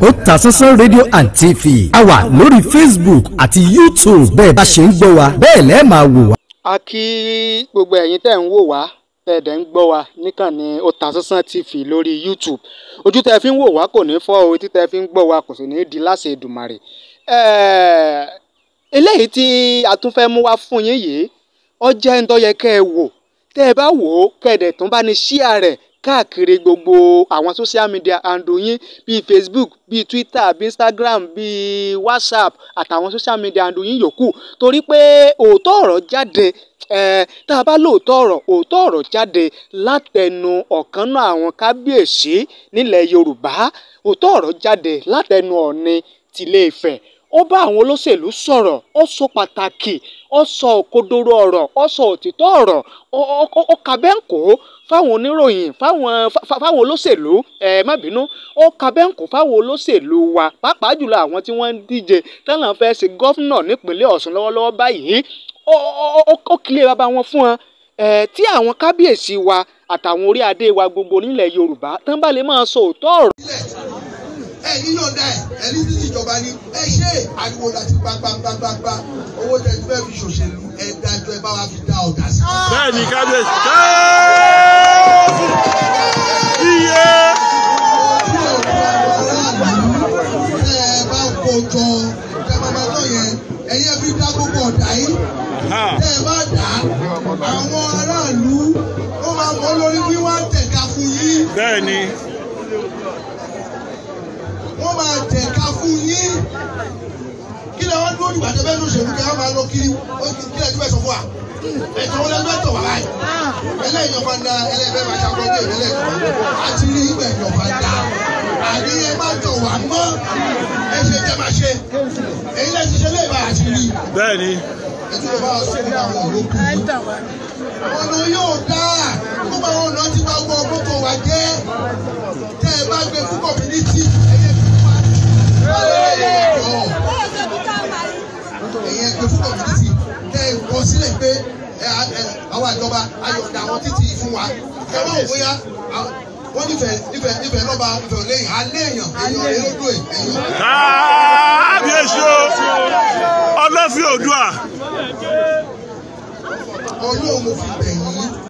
Otasansan rédíò and TV a wà lórí Facebook àti YouTube bẹ́ẹ̀ bá ṣe ń gbọ́ wa bẹ́ẹ̀ lẹ́ẹ̀ máa wò wá. a kí gbogbo ẹ̀yin tẹ́ ń wò wá tẹ̀dẹ̀ ń gbọ́ wa níkànnì Otasansan TV lórí YouTube ojú tẹ́ fi ń wò wá kò ní fọ́ o etí tẹ́ fi ń gbọ́ wa kò sì ní di láṣẹ Èdùmàrè. eléyìí tí a tún fẹ́ mú wá fún yín yìí ó jẹ́ ń tó yẹ kẹ́ ẹ wò tẹ́ ẹ bá wò ó kẹ́ ẹ káàkiri gbogbo àwọn social media handle yín bíi Facebook bíi Twitter bíi Instagram bíi WhatsApp àtàwọn social media handle yín yòókù torí pé òótọ́ ọ̀rọ̀ jáde ẹ tá a bá lóòótọ́ ọ̀rọ̀ òótọ́ ọ̀rọ̀ jáde látẹnu ọ̀kan náà àwọn kábíyèsí nílẹ̀ Yorùbá òótọ́ ọ̀rọ̀ jáde látẹnu Ọọ̀ni tìlé ó bá àwọn olóṣèlú sọ̀rọ̀ ó sọ pàtàkì ó sọ òkodoro ọ̀rọ̀ ó sọ òtítọ́ ọ̀rọ̀ ó kà bẹ́ǹkó fáwọn oníròyìn fáwọn olóṣèlú ẹ má bínú ó kà bẹ́ǹkó fáwọn olóṣèlú wa pàápàá jùlọ àwọn tí wọ́n ń díje tẹ́lẹ̀ fẹ́ ṣe gọ́fúnà nípínlẹ̀ Ọ̀ṣun lọ́wọ́lọ́wọ́ báyìí ó kílẹ̀ bàbá wọn fún wọn tí àwọn kábíyèsí wa àtàwọn orí adé wa gbogbo nílẹ̀ Yorùbá tán bá lè máa sọ òótọ́ ọ̀rọ̀ ẹ nínú ọ̀dà ẹ̀ ẹ ní títí ìjọba ni ẹ ṣe ariwo láti gbangbangbangbangba owó tẹ̀ ní fi ṣòṣèlú ẹ dájọ́ ẹ bá wa fi dá ọ̀dà sí. bẹ́ẹ̀ ni kábíyèsí iye. ẹ bá kó jọ jábàbátọ̀ yẹn ẹ̀yẹ́ fi dá gbogbo ọ̀dà yìí ẹ bá dà á àwọn aráàlú ó máa mọ́ lórí bí wọ́n á fún yín. bẹ́ẹ̀ ẹ̀ka fún yín kí lè wọ́n dúró nígbà tẹ́bẹ́ ní òṣèlú kí wọ́n máa lọ kiri kí lè tẹ́bẹ́ sọ fún wa ẹ̀tọ́ wọn lẹ́gbẹ́ tọ̀ wá báyìí ẹlẹ́yìn ọ̀fà da ẹlẹ́gbẹ́ máa ṣàkóso ìrẹ́lẹ̀ àti rí ìgbẹ̀yìn ọ̀fà da àní ẹ má tọ̀ wá mọ́ ẹ ṣe tẹ́ máa ṣe èyí lẹ́ ti ṣe léèbà àti rí. bẹ́ẹ̀ ni. ẹ tún lè bá a sọ fún àwọn òrókù yìí. yóò dáa. ẹ̀yẹn pé fún community ẹ wọ sílẹ̀ pé àwọn ìjọba ayọ̀dà àwọn títì fún wa ẹ máa wọ ya wọ́n nífẹ̀ẹ́ nífẹ̀ẹ́ nífẹ̀ẹ́ lọ́ba ìfẹ̀ lẹ́yìn alẹ́ èèyàn èèyàn elódò èèyàn. kábíyèsí o ọlọ́fin òdua. ọlọ́run fi bẹ̀ yín.